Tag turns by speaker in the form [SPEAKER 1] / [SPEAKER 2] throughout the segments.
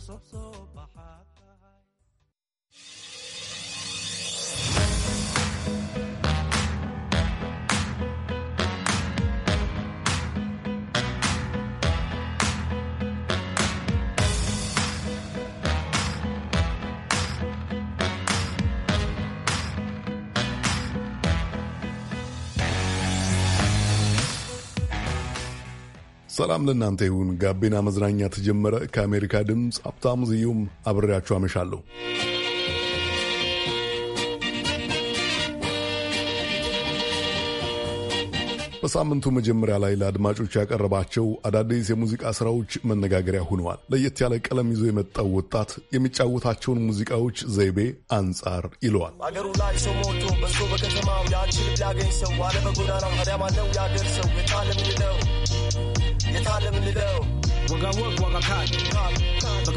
[SPEAKER 1] عصب صبحات
[SPEAKER 2] ሰላም ለእናንተ ይሁን። ጋቢና መዝናኛ ተጀመረ። ከአሜሪካ ድምፅ ሀብታሙ ዝዩም አብሬያችሁ አመሻለሁ። በሳምንቱ መጀመሪያ ላይ ለአድማጮች ያቀረባቸው አዳዲስ የሙዚቃ ስራዎች መነጋገሪያ ሆነዋል። ለየት ያለ ቀለም ይዞ የመጣው ወጣት የሚጫወታቸውን ሙዚቃዎች ዘይቤ አንጻር ይለዋል።
[SPEAKER 1] አገሩ ላይ ሰው ሞቶ በዝቶ በከተማው ያንቺ ላገኝ ሰው አለ በጎዳናው ታዲያ ማለው ያገር ሰው የጣለ But I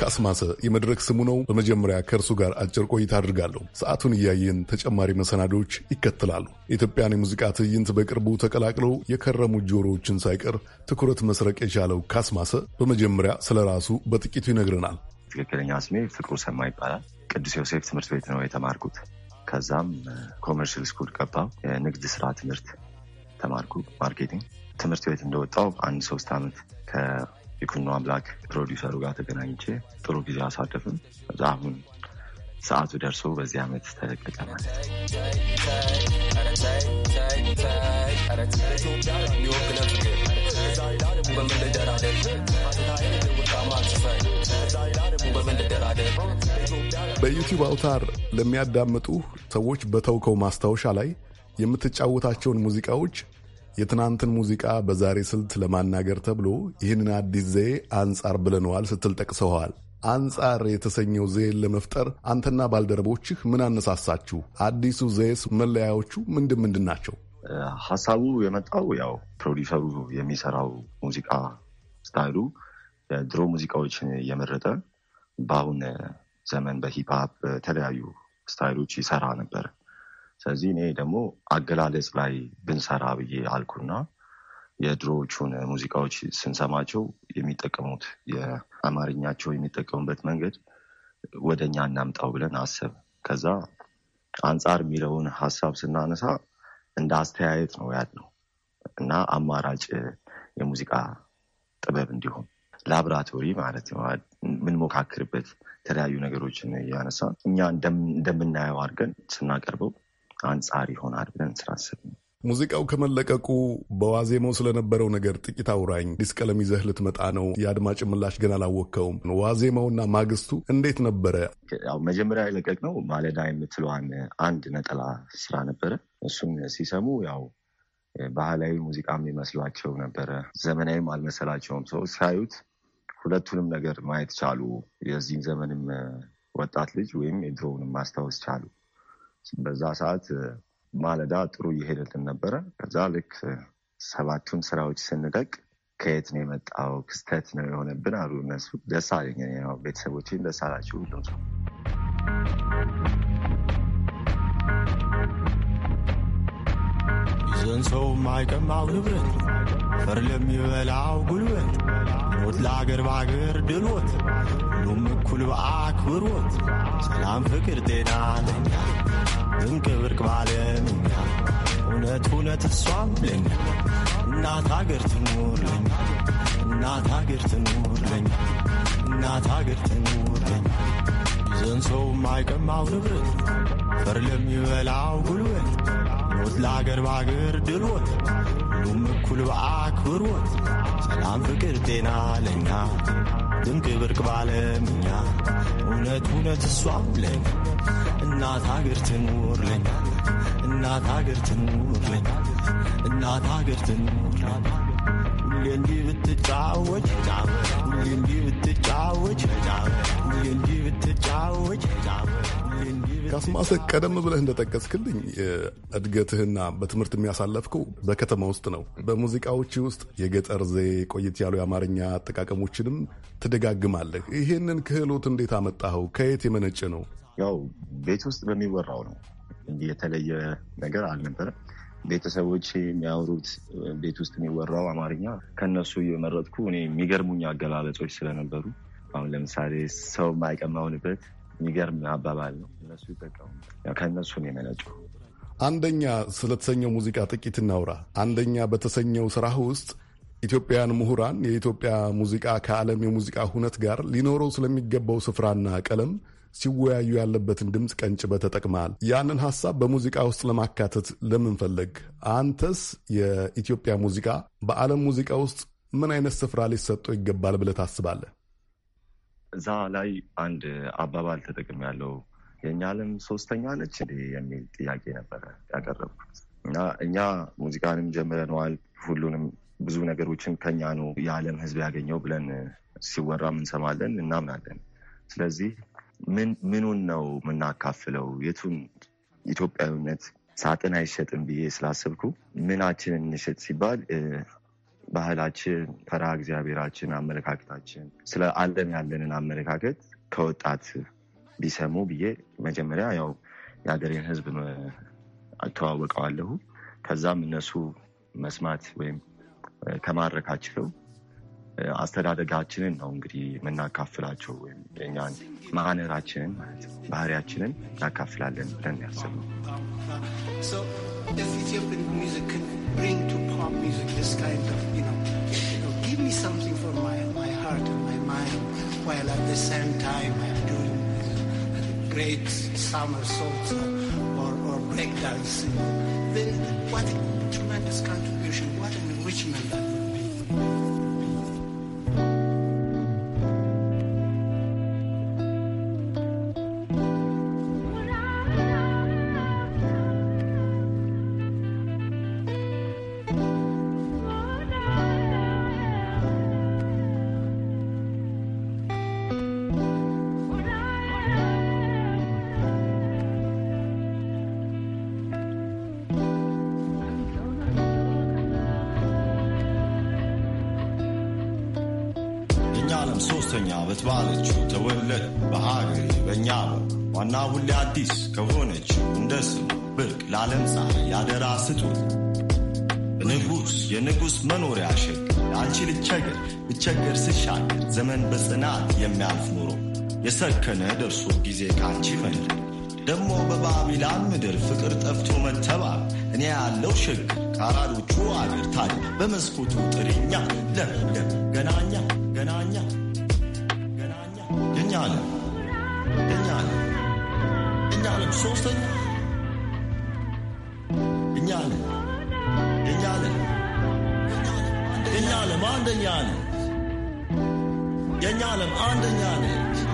[SPEAKER 2] ካስማሰ የመድረክ ስሙ ነው። በመጀመሪያ ከእርሱ ጋር አጭር ቆይታ አድርጋለሁ። ሰዓቱን እያየን ተጨማሪ መሰናዶዎች ይከተላሉ። የኢትዮጵያን የሙዚቃ ትዕይንት በቅርቡ ተቀላቅለው የከረሙ ጆሮዎችን ሳይቀር ትኩረት መስረቅ የቻለው ካስማሰ በመጀመሪያ ስለ ራሱ በጥቂቱ ይነግረናል።
[SPEAKER 3] ትክክለኛ ስሜ ፍቅሩ ሰማ ይባላል። ቅዱስ ዮሴፍ ትምህርት ቤት ነው የተማርኩት። ከዛም ኮመርሽል ስኩል ገባሁ። የንግድ ስራ ትምህርት ተማርኩ፣ ማርኬቲንግ። ትምህርት ቤት እንደወጣው አንድ ሶስት ዓመት ከይኩኖ አምላክ ፕሮዲውሰሩ ጋር ተገናኝቼ ጥሩ ጊዜ አሳደፍም። አሁን ሰዓቱ ደርሶ በዚህ ዓመት ተለቀቀ ማለት
[SPEAKER 1] ነው።
[SPEAKER 2] በዩቲዩብ አውታር ለሚያዳምጡ ሰዎች በተውከው ማስታወሻ ላይ የምትጫወታቸውን ሙዚቃዎች የትናንትን ሙዚቃ በዛሬ ስልት ለማናገር ተብሎ ይህንን አዲስ ዘዬ አንጻር ብለነዋል ስትል ጠቅሰኸዋል። አንጻር የተሰኘው ዘዬን ለመፍጠር አንተና ባልደረቦችህ ምን አነሳሳችሁ? አዲሱ ዘዬስ መለያዎቹ ምንድን ምንድን ናቸው?
[SPEAKER 3] ሀሳቡ የመጣው ያው ፕሮዲሰሩ የሚሰራው ሙዚቃ ስታይሉ የድሮ ሙዚቃዎችን እየመረጠ በአሁን ዘመን በሂፕሀፕ በተለያዩ ስታይሎች ይሰራ ነበር። ስለዚህ እኔ ደግሞ አገላለጽ ላይ ብንሰራ ብዬ አልኩና የድሮዎቹን ሙዚቃዎች ስንሰማቸው የሚጠቀሙት የአማርኛቸው የሚጠቀሙበት መንገድ ወደ እኛ እናምጣው ብለን አሰብ። ከዛ አንጻር የሚለውን ሀሳብ ስናነሳ እንደ አስተያየት ነው ያለው እና አማራጭ የሙዚቃ ጥበብ እንዲሆን ላብራቶሪ ማለት ነው የምንሞካክርበት የተለያዩ ነገሮችን እያነሳ እኛ እንደምናየው አድርገን ስናቀርበው አንጻር ይሆናል ብለን ስራስብ ነው።
[SPEAKER 2] ሙዚቃው ከመለቀቁ በዋዜማው ስለነበረው ነገር ጥቂት አውራኝ። አዲስ ቀለም ይዘህ ልትመጣ ነው፣ የአድማጭ ምላሽ ግን አላወቅከውም። ዋዜማውና ማግስቱ እንዴት ነበረ?
[SPEAKER 3] ያው መጀመሪያ የለቀቅነው ማለዳ የምትለዋን አንድ ነጠላ ስራ ነበረ። እሱን ሲሰሙ ያው ባህላዊ ሙዚቃ የሚመስሏቸው ነበረ። ዘመናዊም አልመሰላቸውም። ሰው ሳዩት ሁለቱንም ነገር ማየት ቻሉ። የዚህን ዘመንም ወጣት ልጅ ወይም የድሮውንም ማስታወስ ቻሉ። በዛ ሰዓት ማለዳ ጥሩ እየሄደልን ነበረ። ከዛ ልክ ሰባቱን ስራዎች ስንለቅ ከየት ነው የመጣው ክስተት ነው የሆነብን አሉ እነሱ። ደስ አለኝ ቤተሰቦችን ደስ አላችሁ ሁሉም ሰው ሐዘን ሰው ማይቀማው ንብረት ፈር ለሚበላው ጉልበት ሞት ለአገር በአገር ድልወት፣ ሁሉም እኩል በአክብሮት ሰላም፣ ፍቅር፣ ጤና ለኛ ድንቅ ብርቅ ባለምኛ እውነት እውነት እሷም ለኛ እናት አገር ትኑር ለኛ እናት አገር ትኑር ለኛ እናት አገር ትኑር ለኛ ይዘን ሰው ማይቀማው ንብረት ፈር ለሚበላው ጉልበት ለአገር በአገር ድሎት ሁሉም እኩል በአክብሮት ሰላም፣ ፍቅር፣ ጤና ለኛ ድንቅ ብርቅ ባለምኛ እውነት እውነት እሷም ለኛ እናት አገር ትኑር ለኛ እናት አገር ትኑር ለኛ እናት አገር ትኑር ለኛ ሁሌ እንዲህ ብትጫወች ሁሌ እንዲህ ብትጫወች ሁሌ እንዲህ ብትጫወች
[SPEAKER 1] ካስማሰ
[SPEAKER 2] ቀደም ብለህ እንደጠቀስክልኝ እድገትህና በትምህርት የሚያሳለፍከው በከተማ ውስጥ ነው። በሙዚቃዎች ውስጥ የገጠር ዜ ቆይት ያሉ የአማርኛ አጠቃቀሞችንም ትደጋግማለህ። ይህንን ክህሎት እንዴት አመጣኸው? ከየት የመነጨ ነው? ያው ቤት ውስጥ
[SPEAKER 3] በሚወራው ነው እንጂ የተለየ ነገር አልነበረም። ቤተሰቦች የሚያወሩት ቤት ውስጥ የሚወራው አማርኛ ከነሱ የመረጥኩ እኔ የሚገርሙኝ አገላለጾች ስለነበሩ አሁን ለምሳሌ ሰው የማይቀማውንበት የሚገርም አባባል ነው። እነሱ ይጠቀሙበት። ያው ነው የመነጩ።
[SPEAKER 2] አንደኛ ስለተሰኘው ሙዚቃ ጥቂት እናውራ። አንደኛ በተሰኘው ስራህ ውስጥ ኢትዮጵያውያን ምሁራን የኢትዮጵያ ሙዚቃ ከዓለም የሙዚቃ ሁነት ጋር ሊኖረው ስለሚገባው ስፍራና ቀለም ሲወያዩ ያለበትን ድምፅ ቀንጭበህ ተጠቅመሃል። ያንን ሀሳብ በሙዚቃ ውስጥ ለማካተት ለምን ፈለግ? አንተስ የኢትዮጵያ ሙዚቃ በዓለም ሙዚቃ ውስጥ ምን አይነት ስፍራ ሊሰጠው ይገባል ብለህ ታስባለህ?
[SPEAKER 3] እዛ ላይ አንድ አባባል ተጠቅሜያለሁ። የእኛ ዓለም ሶስተኛ ነች እንዴ የሚል ጥያቄ ነበረ ያቀረብኩት እና እኛ ሙዚቃንም ጀምረነዋል። ሁሉንም ብዙ ነገሮችን ከኛ ነው የዓለም ህዝብ ያገኘው ብለን ሲወራም እንሰማለን፣ እናምናለን። ስለዚህ ምኑን ነው የምናካፍለው? የቱን ኢትዮጵያዊነት ሳጥን አይሸጥም ብዬ ስላሰብኩ ምናችን እንሸጥ ሲባል ባህላችን፣ ፈራ እግዚአብሔራችን፣ አመለካከታችን ስለ አለም ያለንን አመለካከት ከወጣት ቢሰሙ ብዬ መጀመሪያ ያው የሀገሬን ህዝብ አተዋወቀዋለሁ። ከዛም እነሱ መስማት ወይም ከማድረካቸው አስተዳደጋችንን ነው እንግዲህ የምናካፍላቸው ወይም የእኛን ማነራችንን ማለት ነው ባህሪያችንን እናካፍላለን ብለን ያስብ
[SPEAKER 4] ነው።
[SPEAKER 5] great somersaults
[SPEAKER 4] or, or breakdancing, then what a tremendous contribution, what an enrichment
[SPEAKER 3] በትባለችው ባለችው ተወለደ በሀገሬ በእኛ ዋና ሁሌ አዲስ ከሆነችው እንደ ስሙ ብቅ ለዓለም ፀሐይ ያደራ ስጡት ንጉሥ የንጉሥ መኖሪያ ሸግ አንቺ ልቸገር ልቸገር ስሻገር ዘመን በጽናት የሚያልፍ ኑሮ የሰከነ ደርሶ ጊዜ ከአንቺ ፈንድ ደግሞ በባቢላን ምድር ፍቅር ጠፍቶ መተባብ እኔ ያለው ሸገር ከአራዶቹ አገር ታዲያ በመስኮቱ ጥሪኛ ለምለም ገናኛ ገናኛ
[SPEAKER 1] ዓለም እኛ ዓለም እኛ ዓለም ሶስተኛ እኛ ዓለም እኛ ዓለም እኛ ዓለም አንደኛ ነች። የእኛ ዓለም አንደኛ ነች።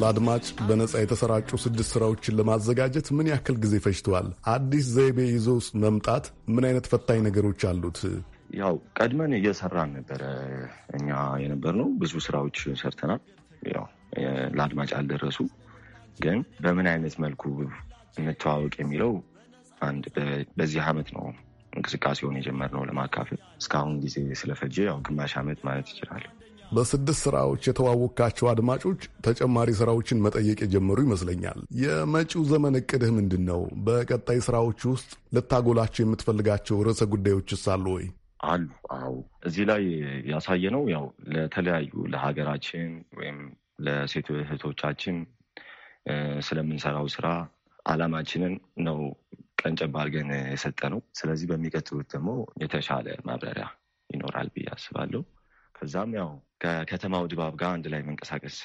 [SPEAKER 2] ለአድማጭ በነጻ የተሰራጩ ስድስት ስራዎችን ለማዘጋጀት ምን ያክል ጊዜ ፈጅተዋል? አዲስ ዘይቤ ይዞ መምጣት ምን አይነት ፈታኝ ነገሮች አሉት?
[SPEAKER 3] ያው ቀድመን እየሰራን ነበረ እኛ የነበር ነው። ብዙ ስራዎች ሰርተናል። ያው ለአድማጭ አልደረሱ። ግን በምን አይነት መልኩ እንተዋወቅ የሚለው አንድ በዚህ አመት ነው እንቅስቃሴውን የጀመርነው ለማካፈል እስካሁን ጊዜ ስለፈጀ ያው ግማሽ አመት ማለት ይችላል።
[SPEAKER 2] በስድስት ስራዎች የተዋወቅካቸው አድማጮች ተጨማሪ ስራዎችን መጠየቅ የጀመሩ ይመስለኛል። የመጪው ዘመን እቅድህ ምንድን ነው? በቀጣይ ስራዎች ውስጥ ልታጎላቸው የምትፈልጋቸው ርዕሰ ጉዳዮችስ አሉ ወይ?
[SPEAKER 3] አሉ። አዎ፣ እዚህ ላይ ያሳየ ነው። ያው ለተለያዩ ለሀገራችን ወይም ለሴት እህቶቻችን ስለምንሰራው ስራ አላማችንን ነው ቀንጨብ አድርገን የሰጠ ነው። ስለዚህ በሚቀጥሉት ደግሞ የተሻለ ማብራሪያ ይኖራል ብዬ አስባለሁ። ከዛም ያው ከከተማው ድባብ ጋር አንድ ላይ
[SPEAKER 2] መንቀሳቀስ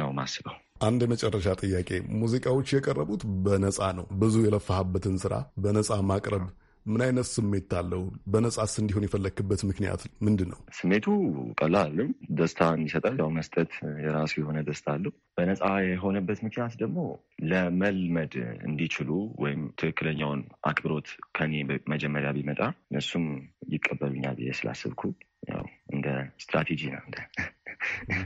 [SPEAKER 2] ነው ማስበው። አንድ የመጨረሻ ጥያቄ፣ ሙዚቃዎች የቀረቡት በነፃ ነው። ብዙ የለፋህበትን ስራ በነፃ ማቅረብ ምን አይነት ስሜት አለው? በነጻስ እንዲሆን የፈለክበት ምክንያት ምንድን ነው?
[SPEAKER 3] ስሜቱ ቀላልም ደስታን ይሰጣል። ያው መስጠት የራሱ የሆነ ደስታ አለው። በነፃ
[SPEAKER 2] የሆነበት ምክንያት
[SPEAKER 3] ደግሞ ለመልመድ እንዲችሉ ወይም ትክክለኛውን አክብሮት ከኔ መጀመሪያ ቢመጣ እነሱም ይቀበሉኛል ብዬ ስላስብኩ ያው እንደ ስትራቴጂ ነው።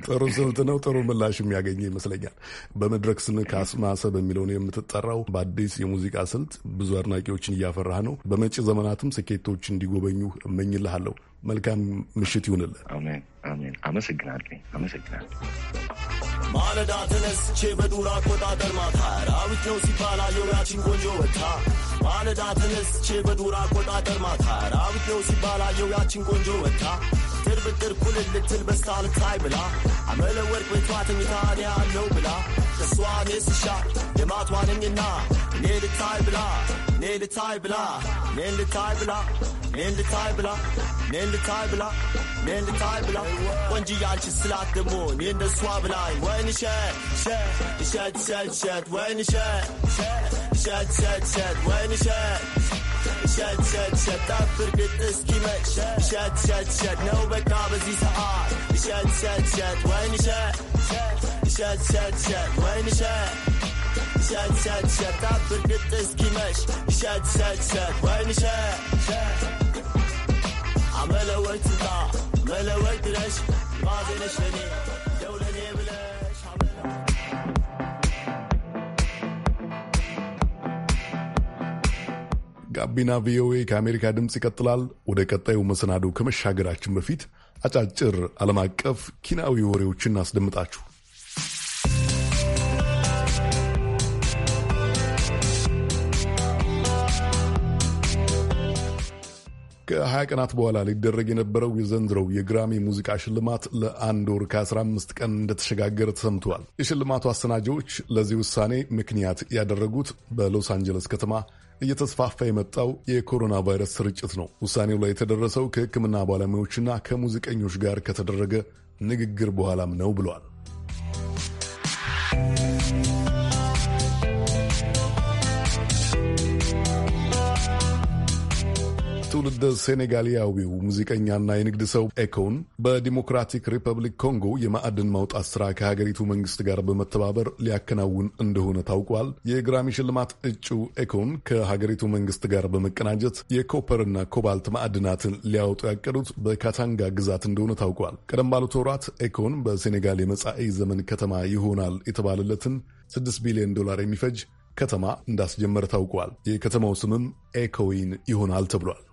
[SPEAKER 2] ጥሩ ስልት ነው። ጥሩ ምላሽ የሚያገኘ ይመስለኛል። በመድረክ ስም ካስማሰ በሚለው ነው የምትጠራው። በአዲስ የሙዚቃ ስልት ብዙ አድናቂዎችን እያፈራህ ነው። በመጪ ዘመናትም ስኬቶች እንዲጎበኙ እመኝልሃለሁ። መልካም ምሽት ይሁንልን። አሜን
[SPEAKER 1] ማለዳ ተነስቼ በዱር አቆጣጠር ማታ ራዊት ነው ሲባል ቆንጆ ወታ ማለዳ ተነስቼ በዱር አቆጣጠር ማታ ራዊት ነው ሲባል ያችን ቆንጆ ወታ ብድር ብድር ኩል ልትል በስታ ልታይ ብላ አመለ ወርቅ ቤቷ ተኝታ እኔ አለው ብላ እሷ እኔ ስሻ የማቷ ነኝና እኔ ልታይ ብላ እኔ ልታይ ብላ እኔ ልታይ ብላ እኔ ልታይ ብላ እኔ ልታይ ብላ እኔ ልታይ ብላ ቆንጂ ያልች ስላት ደግሞ እኔ እንደሷ ብላይ ወይን እሸት እሸት እሸት እሸት እሸት ወይን እሸት እሸት እሸት እሸት ወይን እሸት that forget the scheme. Şat şat şat Afrikat eskime Şat şat şat Nöbet nabızı saat Şat şat şat Vayni şat Şat şat şat Vayni şat Şat şat şat Afrikat eskime Şat şat şat Vayni şat عمالة وقت ضاع عمالة وقت رش بعض الاشهرين
[SPEAKER 2] ጋቢና ቪኦኤ ከአሜሪካ ድምፅ ይቀጥላል። ወደ ቀጣዩ መሰናዶ ከመሻገራችን በፊት አጫጭር ዓለም አቀፍ ኪናዊ ወሬዎችን እናስደምጣችሁ። ከሀያ ቀናት በኋላ ሊደረግ የነበረው የዘንድሮው የግራሚ ሙዚቃ ሽልማት ለአንድ ወር ከ15 ቀን እንደተሸጋገረ ተሰምተዋል። የሽልማቱ አሰናጆች ለዚህ ውሳኔ ምክንያት ያደረጉት በሎስ አንጀለስ ከተማ እየተስፋፋ የመጣው የኮሮና ቫይረስ ስርጭት ነው። ውሳኔው ላይ የተደረሰው ከሕክምና ባለሙያዎችና ከሙዚቀኞች ጋር ከተደረገ ንግግር በኋላም ነው ብሏል። ትውልደ ሴኔጋሊያዊው ሙዚቀኛና የንግድ ሰው ኤኮን በዲሞክራቲክ ሪፐብሊክ ኮንጎ የማዕድን ማውጣት ስራ ከሀገሪቱ መንግስት ጋር በመተባበር ሊያከናውን እንደሆነ ታውቋል። የግራሚ ሽልማት እጩ ኤኮን ከሀገሪቱ መንግስት ጋር በመቀናጀት የኮፐርና ኮባልት ማዕድናትን ሊያወጡ ያቀዱት በካታንጋ ግዛት እንደሆነ ታውቋል። ቀደም ባሉት ወራት ኤኮን በሴኔጋል የመጻኢ ዘመን ከተማ ይሆናል የተባለለትን 6 ቢሊዮን ዶላር የሚፈጅ ከተማ እንዳስጀመረ ታውቋል። የከተማው ስምም ኤኮዊን ይሆናል ተብሏል።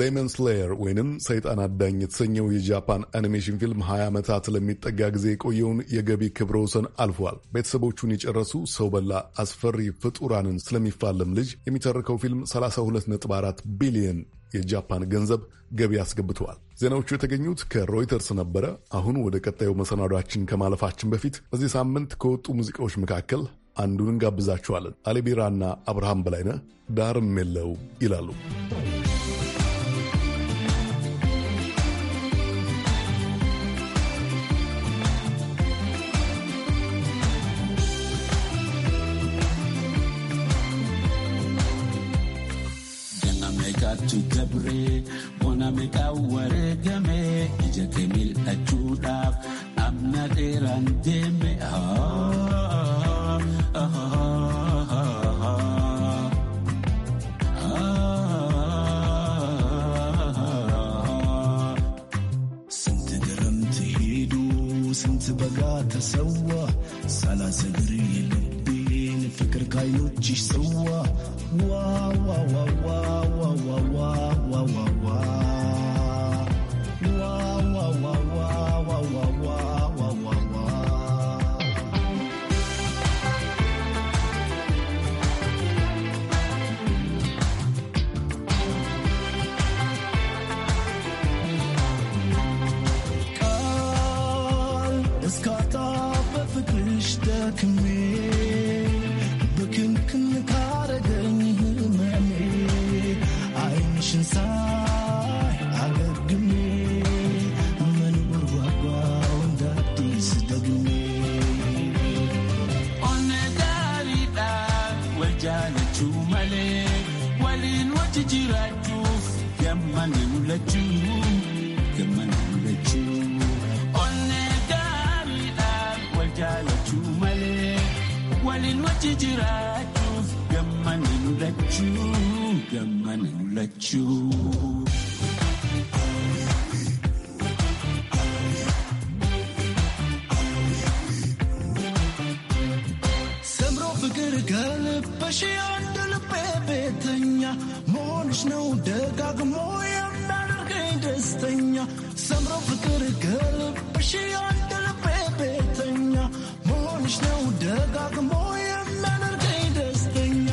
[SPEAKER 2] ዴመን ስሌየር ወይንም ሰይጣን አዳኝ የተሰኘው የጃፓን አኒሜሽን ፊልም 20 ዓመታት ለሚጠጋ ጊዜ የቆየውን የገቢ ክብረ ወሰን አልፏል። ቤተሰቦቹን የጨረሱ ሰው በላ አስፈሪ ፍጡራንን ስለሚፋለም ልጅ የሚተርከው ፊልም 32.4 ቢሊየን የጃፓን ገንዘብ ገቢ አስገብተዋል። ዜናዎቹ የተገኙት ከሮይተርስ ነበረ። አሁን ወደ ቀጣዩ መሰናዷችን ከማለፋችን በፊት በዚህ ሳምንት ከወጡ ሙዚቃዎች መካከል አንዱን እንጋብዛችኋለን። አሌቢራና አብርሃም በላይነ ዳርም የለው ይላሉ።
[SPEAKER 4] Ijake mil achudab
[SPEAKER 3] ስበጋ
[SPEAKER 1] ተሰዋ ሳላሰግር የልቤን ፍቅር ካይኖችሽ ሰዋ ዋዋዋዋዋዋዋዋዋ
[SPEAKER 4] ሰምሮ ፍቅር ከልብሽ ያደለ ቤተኛ መሆንሽ ነው ደጋግሞ የሚያደርገኝ ደስተኛ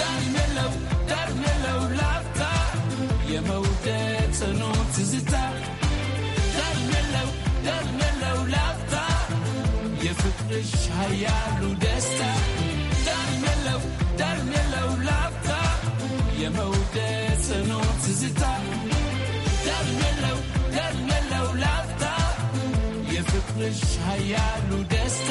[SPEAKER 4] ዳግም የለው ዳግም የለው ላፍታ የመውደድ ጽኑ ትዝታ ዳግም የለው ላፍታ የፍቅርሽ ሀያሉ አብረሽ ሀያሉ ደስታ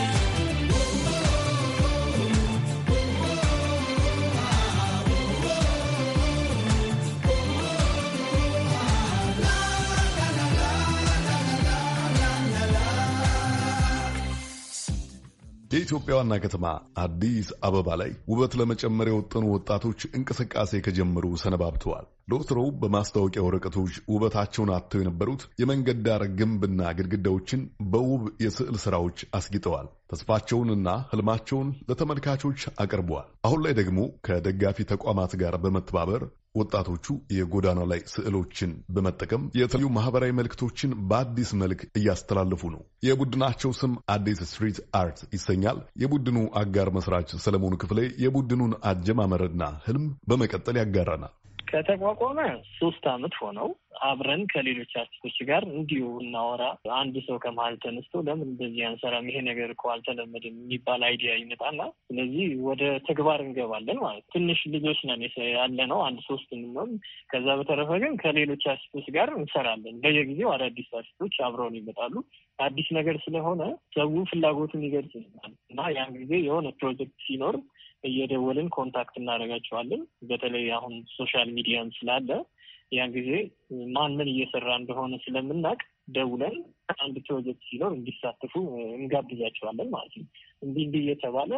[SPEAKER 2] የኢትዮጵያ ዋና ከተማ አዲስ አበባ ላይ ውበት ለመጨመር የወጠኑ ወጣቶች እንቅስቃሴ ከጀመሩ ሰነባብተዋል። ለወትሮው በማስታወቂያ ወረቀቶች ውበታቸውን አጥተው የነበሩት የመንገድ ዳር ግንብና ግድግዳዎችን በውብ የስዕል ስራዎች አስጊጠዋል። ተስፋቸውንና ህልማቸውን ለተመልካቾች አቅርበዋል። አሁን ላይ ደግሞ ከደጋፊ ተቋማት ጋር በመተባበር ወጣቶቹ የጎዳና ላይ ስዕሎችን በመጠቀም የተለያዩ ማህበራዊ መልእክቶችን በአዲስ መልክ እያስተላለፉ ነው። የቡድናቸው ስም አዲስ ስትሪት አርት ይሰኛል። የቡድኑ አጋር መስራች ሰለሞኑ ክፍሌ የቡድኑን አጀማመርና ህልም በመቀጠል ያጋራናል።
[SPEAKER 5] ከተቋቋመ ሶስት አመት ሆነው አብረን ከሌሎች አርቲስቶች ጋር እንዲሁ እናወራ። አንድ ሰው ከመሀል ተነስቶ ለምን እንደዚህ አንሰራም ይሄ ነገር እኮ አልተለመድም የሚባል አይዲያ ይመጣና ስለዚህ ወደ ተግባር እንገባለን ማለት ነው። ትንሽ ልጆች ነን ያለ ነው አንድ ሶስት ምንም። ከዛ በተረፈ ግን ከሌሎች አርቲስቶች ጋር እንሰራለን። በየጊዜው አዳዲስ አርቲስቶች አብረውን ይመጣሉ። አዲስ ነገር ስለሆነ ሰው ፍላጎቱን ይገልጽ እና ያን ጊዜ የሆነ ፕሮጀክት ሲኖር እየደወልን ኮንታክት እናደርጋቸዋለን። በተለይ አሁን ሶሻል ሚዲያም ስላለ ያን ጊዜ ማን ምን እየሰራ እንደሆነ ስለምናውቅ ደውለን አንድ ፕሮጀክት ሲኖር እንዲሳተፉ እንጋብዛቸዋለን ማለት ነው። እንዲህ እንዲህ እየተባለ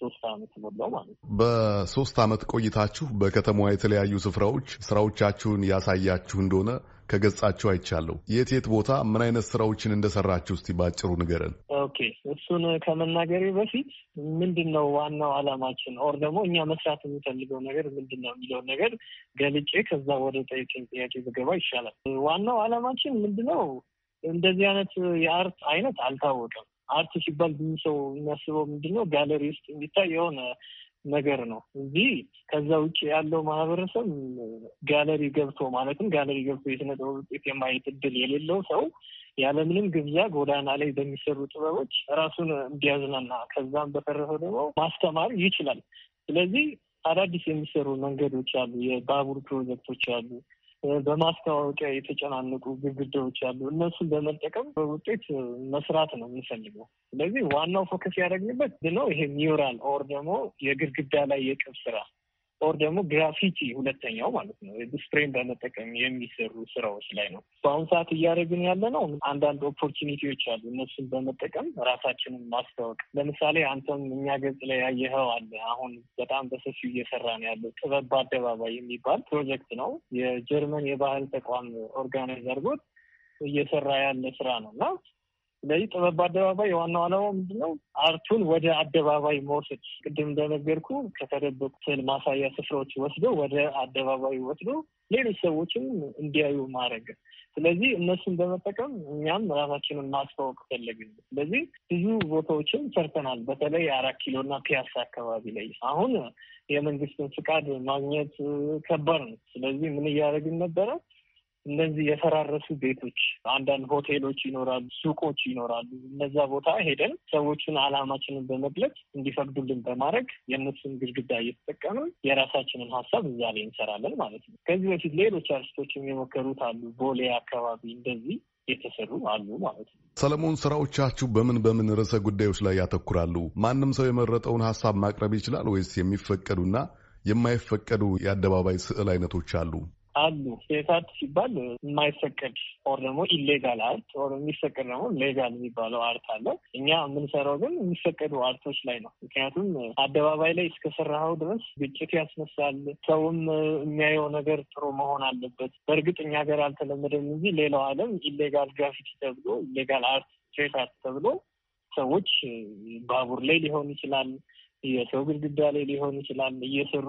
[SPEAKER 5] ሶስት አመት ሞላው ማለት ነው።
[SPEAKER 2] በሶስት አመት ቆይታችሁ በከተማዋ የተለያዩ ስፍራዎች ስራዎቻችሁን ያሳያችሁ እንደሆነ ከገጻችሁ አይቻለሁ። የት የት ቦታ ምን አይነት ስራዎችን እንደሰራችሁ እስቲ ባጭሩ ንገረን።
[SPEAKER 4] ኦኬ
[SPEAKER 5] እሱን ከመናገሬ በፊት ምንድን ነው ዋናው አላማችን ኦር ደግሞ እኛ መስራት የሚፈልገው ነገር ምንድን ነው የሚለውን ነገር ገልጬ ከዛ ወደ ጠየቀኝ ጥያቄ ብገባ ይሻላል። ዋናው አላማችን ምንድን ነው እንደዚህ አይነት የአርት አይነት አልታወቀም። አርት ሲባል ብዙ ሰው የሚያስበው ምንድነው ጋለሪ ውስጥ የሚታይ የሆነ ነገር ነው እንጂ ከዛ ውጭ ያለው ማህበረሰብ ጋለሪ ገብቶ ማለትም ጋለሪ ገብቶ የስነ ጥበብ ውጤት የማየት እድል የሌለው ሰው ያለምንም ግብዣ ጎዳና ላይ በሚሰሩ ጥበቦች ራሱን እንዲያዝናና ከዛም በተረፈ ደግሞ ማስተማር ይችላል። ስለዚህ አዳዲስ የሚሰሩ መንገዶች አሉ። የባቡር ፕሮጀክቶች አሉ። በማስታወቂያ የተጨናነቁ ግድግዳዎች አሉ። እነሱን በመጠቀም በውጤት መስራት ነው የምንፈልገው። ስለዚህ ዋናው ፎከስ ያደረግንበት ነው ይሄ ኒውራል ኦር ደግሞ የግድግዳ ላይ የቅብ ስራ ኦር ደግሞ ግራፊቲ ሁለተኛው ማለት ነው ስትሬን በመጠቀም የሚሰሩ ስራዎች ላይ ነው። በአሁኑ ሰዓት እያደረግን ያለ ነው። አንዳንድ ኦፖርቹኒቲዎች አሉ። እነሱን በመጠቀም ራሳችንን ማስታወቅ። ለምሳሌ አንተም እኛ ገጽ ላይ ያየኸው አለ። አሁን በጣም በሰፊው እየሰራ ነው ያለው ጥበብ በአደባባይ የሚባል ፕሮጀክት ነው። የጀርመን የባህል ተቋም ኦርጋናይዝ አድርጎት እየሰራ ያለ ስራ ነው እና ስለዚህ ጥበብ በአደባባይ የዋናው ዓላማ ምንድነው? አርቱን ወደ አደባባይ መውሰድ። ቅድም እንደነገርኩ ከተደበቁ ስዕል ማሳያ ስፍራዎች ወስዶ ወደ አደባባይ ወስዶ ሌሎች ሰዎችም እንዲያዩ ማድረግ። ስለዚህ እነሱን በመጠቀም እኛም ራሳችንን ማስታወቅ ፈለግን። ስለዚህ ብዙ ቦታዎችን ሰርተናል። በተለይ አራት ኪሎ እና ፒያሳ አካባቢ ላይ አሁን የመንግስትን ፍቃድ ማግኘት ከባድ ነው። ስለዚህ ምን እያደረግን ነበረ? እነዚህ የፈራረሱ ቤቶች፣ አንዳንድ ሆቴሎች ይኖራሉ፣ ሱቆች ይኖራሉ። እነዛ ቦታ ሄደን ሰዎቹን አላማችንን በመግለጽ እንዲፈቅዱልን በማድረግ የእነሱን ግድግዳ እየተጠቀምን የራሳችንን ሀሳብ እዛ ላይ እንሰራለን ማለት ነው። ከዚህ በፊት ሌሎች አርቲስቶችም የሞከሩት አሉ። ቦሌ አካባቢ እንደዚህ የተሰሩ አሉ ማለት ነው።
[SPEAKER 2] ሰለሞን፣ ስራዎቻችሁ በምን በምን ርዕሰ ጉዳዮች ላይ ያተኩራሉ? ማንም ሰው የመረጠውን ሀሳብ ማቅረብ ይችላል ወይስ የሚፈቀዱና የማይፈቀዱ የአደባባይ ስዕል አይነቶች አሉ?
[SPEAKER 5] አሉ። የሳት ሲባል የማይፈቀድ ኦር ደግሞ ኢሌጋል አርት ኦር የሚፈቀድ ደግሞ ሌጋል የሚባለው አርት አለ። እኛ የምንሰራው ግን የሚፈቀዱ አርቶች ላይ ነው። ምክንያቱም አደባባይ ላይ እስከሰራኸው ድረስ ግጭት ያስነሳል። ሰውም የሚያየው ነገር ጥሩ መሆን አለበት። በእርግጥ እኛ ሀገር አልተለመደም እንጂ ሌላው ዓለም ኢሌጋል ግራፊቲ ተብሎ ኢሌጋል አርት ስትሬት አርት ተብሎ ሰዎች ባቡር ላይ ሊሆን ይችላል፣ የሰው ግድግዳ ላይ ሊሆን ይችላል እየሰሩ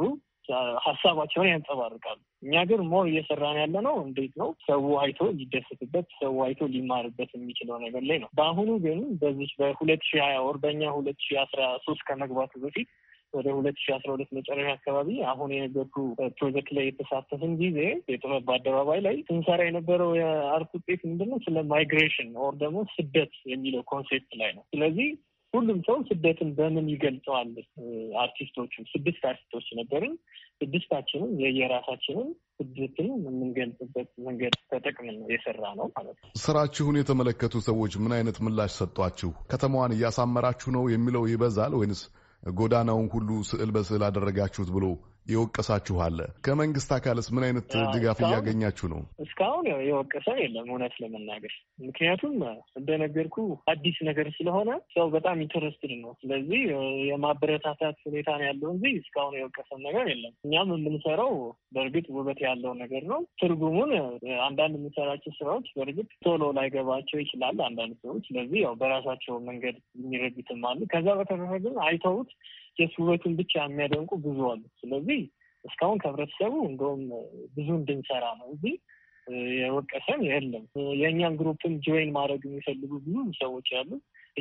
[SPEAKER 5] ሀሳባቸውን ያንጸባርቃሉ። እኛ ግን ሞር እየሰራን ያለ ነው እንዴት ነው ሰው አይቶ ሊደሰትበት ሰው አይቶ ሊማርበት የሚችለው ነገር ላይ ነው። በአሁኑ ግን በዚህ በሁለት ሺ ሀያ ወር በእኛ ሁለት ሺ አስራ ሶስት ከመግባቱ በፊት ወደ ሁለት ሺ አስራ ሁለት መጨረሻ አካባቢ አሁን የነገርኩ ፕሮጀክት ላይ የተሳተፍን ጊዜ የጥበብ በአደባባይ ላይ ስንሰራ የነበረው የአርት ውጤት ምንድነው ስለ ማይግሬሽን ኦር ደግሞ ስደት የሚለው ኮንሴፕት ላይ ነው። ስለዚህ ሁሉም ሰው ስደትን በምን ይገልጸዋል? አርቲስቶችም ስድስት አርቲስቶች ነበርን። ስድስታችንም የየራሳችንን ስደትን የምንገልጽበት መንገድ ተጠቅምን የሰራ ነው ማለት ነው።
[SPEAKER 2] ስራችሁን የተመለከቱ ሰዎች ምን አይነት ምላሽ ሰጧችሁ? ከተማዋን እያሳመራችሁ ነው የሚለው ይበዛል ወይንስ ጎዳናውን ሁሉ ስዕል በስዕል አደረጋችሁት ብሎ ይወቀሳችኋል። አለ? ከመንግስት አካልስ ምን አይነት ድጋፍ እያገኛችሁ ነው?
[SPEAKER 5] እስካሁን ያው የወቀሰን የለም እውነት ለመናገር ምክንያቱም እንደነገርኩ አዲስ ነገር ስለሆነ ሰው በጣም ኢንተረስትድ ነው። ስለዚህ የማበረታታት ሁኔታ ነው ያለው እንጂ እስካሁን የወቀሰን ነገር የለም። እኛም የምንሰራው በእርግጥ ውበት ያለው ነገር ነው። ትርጉሙን አንዳንድ የምንሰራቸው ስራዎች በእርግጥ ቶሎ ላይገባቸው ይችላል አንዳንድ ሰዎች። ስለዚህ ያው በራሳቸው መንገድ የሚረዱትም አሉ። ከዛ በተረፈ ግን አይተውት የሱ ውበቱን ብቻ የሚያደንቁ ብዙ አሉ። ስለዚህ እስካሁን ከህብረተሰቡ እንደውም ብዙ እንድንሰራ ነው እንጂ የወቀሰን የለም። የእኛን ግሩፕን ጆይን ማድረግ የሚፈልጉ ብዙ ሰዎች ያሉ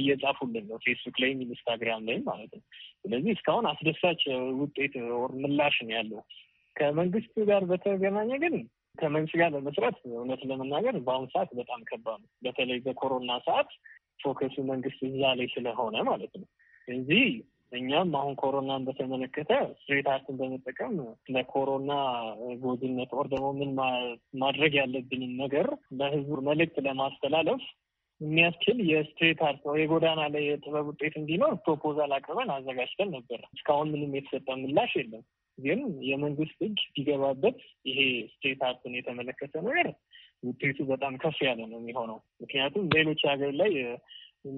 [SPEAKER 5] እየጻፉልን ነው፣ ፌስቡክ ላይም ኢንስታግራም ላይም ማለት ነው። ስለዚህ እስካሁን አስደሳች ውጤት ወር ምላሽ ነው ያለው። ከመንግስት ጋር በተገናኘ ግን ከመንግስት ጋር ለመስራት እውነት ለመናገር በአሁኑ ሰዓት በጣም ከባድ ነው። በተለይ በኮሮና ሰዓት ፎከሱ መንግስት እዛ ላይ ስለሆነ ማለት ነው እንጂ እኛም አሁን ኮሮናን በተመለከተ ስሬታችን በመጠቀም ለኮሮና ጎድነት ወር ደግሞ ምን ማድረግ ያለብንን ነገር ለህዝቡ መልእክት ለማስተላለፍ የሚያስችል የስትሬት አርት ነው የጎዳና ላይ የጥበብ ውጤት እንዲኖር ፕሮፖዛል አቅርበን አዘጋጅተን ነበር። እስካሁን ምንም የተሰጠ ምላሽ የለም። ግን የመንግስት እጅ ቢገባበት ይሄ ስትሬት አርትን የተመለከተ ነገር ውጤቱ በጣም ከፍ ያለ ነው የሚሆነው። ምክንያቱም ሌሎች ሀገር ላይ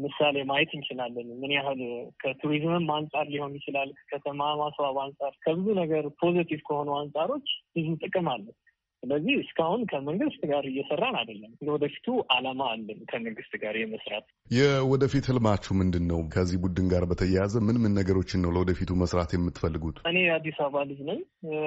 [SPEAKER 5] ምሳሌ ማየት እንችላለን። ምን ያህል ከቱሪዝምም አንጻር ሊሆን ይችላል፣ ከከተማ ማስዋብ አንጻር፣ ከብዙ ነገር ፖዘቲቭ ከሆኑ አንጻሮች ብዙ ጥቅም አለው። ስለዚህ እስካሁን ከመንግስት ጋር እየሰራን አይደለም። የወደፊቱ አላማ አለን ከመንግስት ጋር የመስራት።
[SPEAKER 2] የወደፊት ህልማችሁ ምንድን ነው? ከዚህ ቡድን ጋር በተያያዘ ምን ምን ነገሮችን ነው ለወደፊቱ መስራት የምትፈልጉት?
[SPEAKER 5] እኔ የአዲስ አበባ ልጅ ነኝ።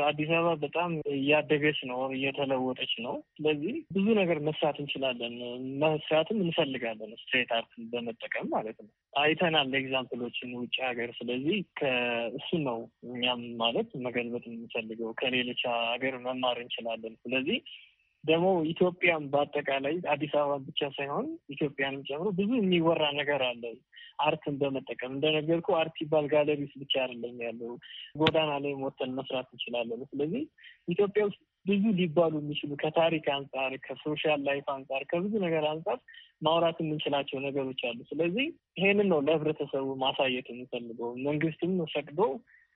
[SPEAKER 5] አዲስ አበባ በጣም እያደገች ነው፣ እየተለወጠች ነው። ስለዚህ ብዙ ነገር መስራት እንችላለን፣ መስራትም እንፈልጋለን። ስትሬት አርት በመጠቀም ማለት ነው። አይተናል ኤግዛምፕሎችን ውጭ ሀገር። ስለዚህ ከእሱ ነው እኛም ማለት መገልበጥ የምንፈልገው። ከሌሎች ሀገር መማር እንችላለን። ስለዚህ ደግሞ ኢትዮጵያን በአጠቃላይ አዲስ አበባ ብቻ ሳይሆን ኢትዮጵያን ጨምሮ ብዙ የሚወራ ነገር አለ። አርትን በመጠቀም እንደነገርኩ አርት ይባል ጋለሪስ ብቻ አይደለም ያለው፣ ጎዳና ላይ ሞተን መስራት እንችላለን። ስለዚህ ኢትዮጵያ ውስጥ ብዙ ሊባሉ የሚችሉ ከታሪክ አንጻር፣ ከሶሻል ላይፍ አንጻር፣ ከብዙ ነገር አንጻር ማውራት የምንችላቸው ነገሮች አሉ። ስለዚህ ይሄንን ነው ለህብረተሰቡ ማሳየት የምንፈልገው መንግስትም ፈቅዶ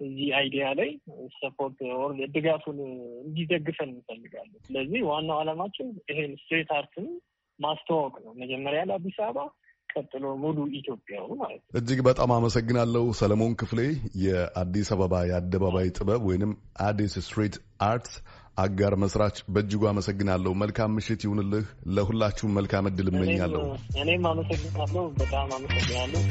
[SPEAKER 5] እዚህ አይዲያ ላይ ሰፖርት ወር ድጋፉን እንዲደግፈን እንፈልጋለን። ስለዚህ ዋናው አለማችን ይሄን ስትሬት አርትን ማስተዋወቅ ነው። መጀመሪያ ለአዲስ አበባ ቀጥሎ ሙሉ ኢትዮጵያው ማለት
[SPEAKER 2] ነው። እጅግ በጣም አመሰግናለሁ ሰለሞን ክፍሌ የአዲስ አበባ የአደባባይ ጥበብ ወይንም አዲስ ስትሪት አርትስ አጋር መስራች፣ በእጅጉ አመሰግናለሁ። መልካም ምሽት ይሁንልህ። ለሁላችሁም መልካም እድል እመኛለሁ።
[SPEAKER 5] እኔም አመሰግናለሁ። በጣም አመሰግናለሁ።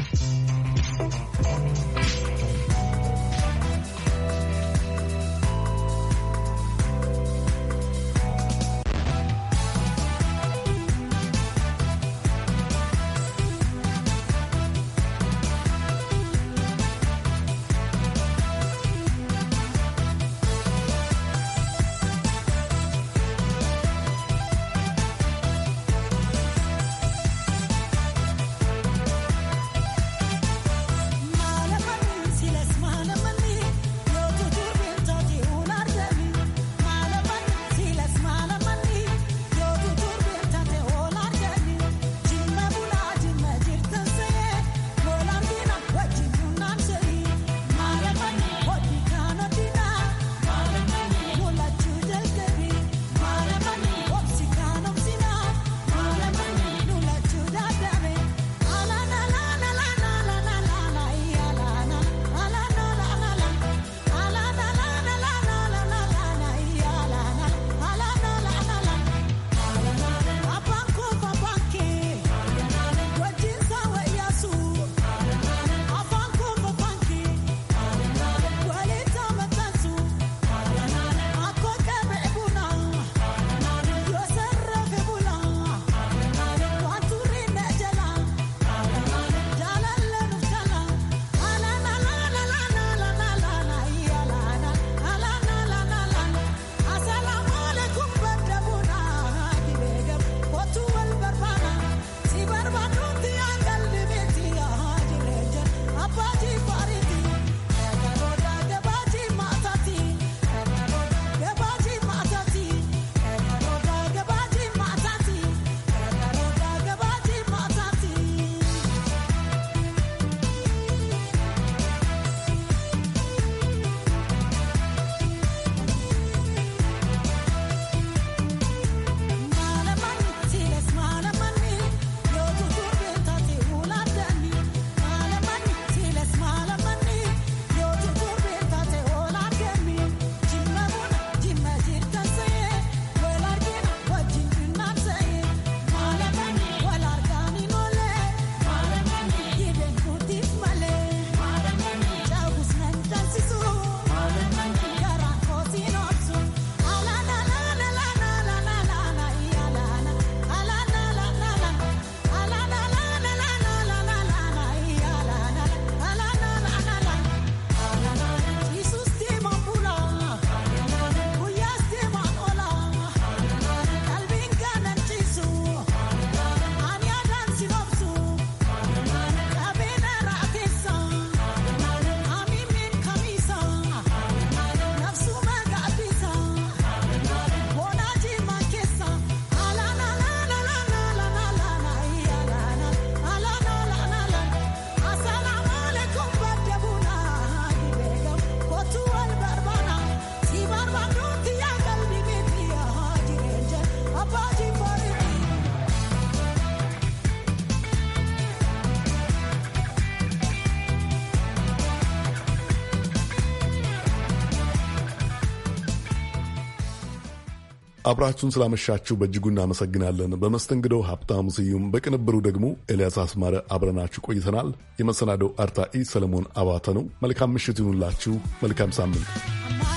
[SPEAKER 2] አብራችሁን ስላመሻችሁ በእጅጉ እናመሰግናለን። በመስተንግዶው ሀብታሙ ስዩም፣ በቅንብሩ ደግሞ ኤልያስ አስማረ አብረናችሁ ቆይተናል። የመሰናዶው አርታኢ ሰለሞን አባተ ነው። መልካም ምሽት ይሁንላችሁ። መልካም ሳምንት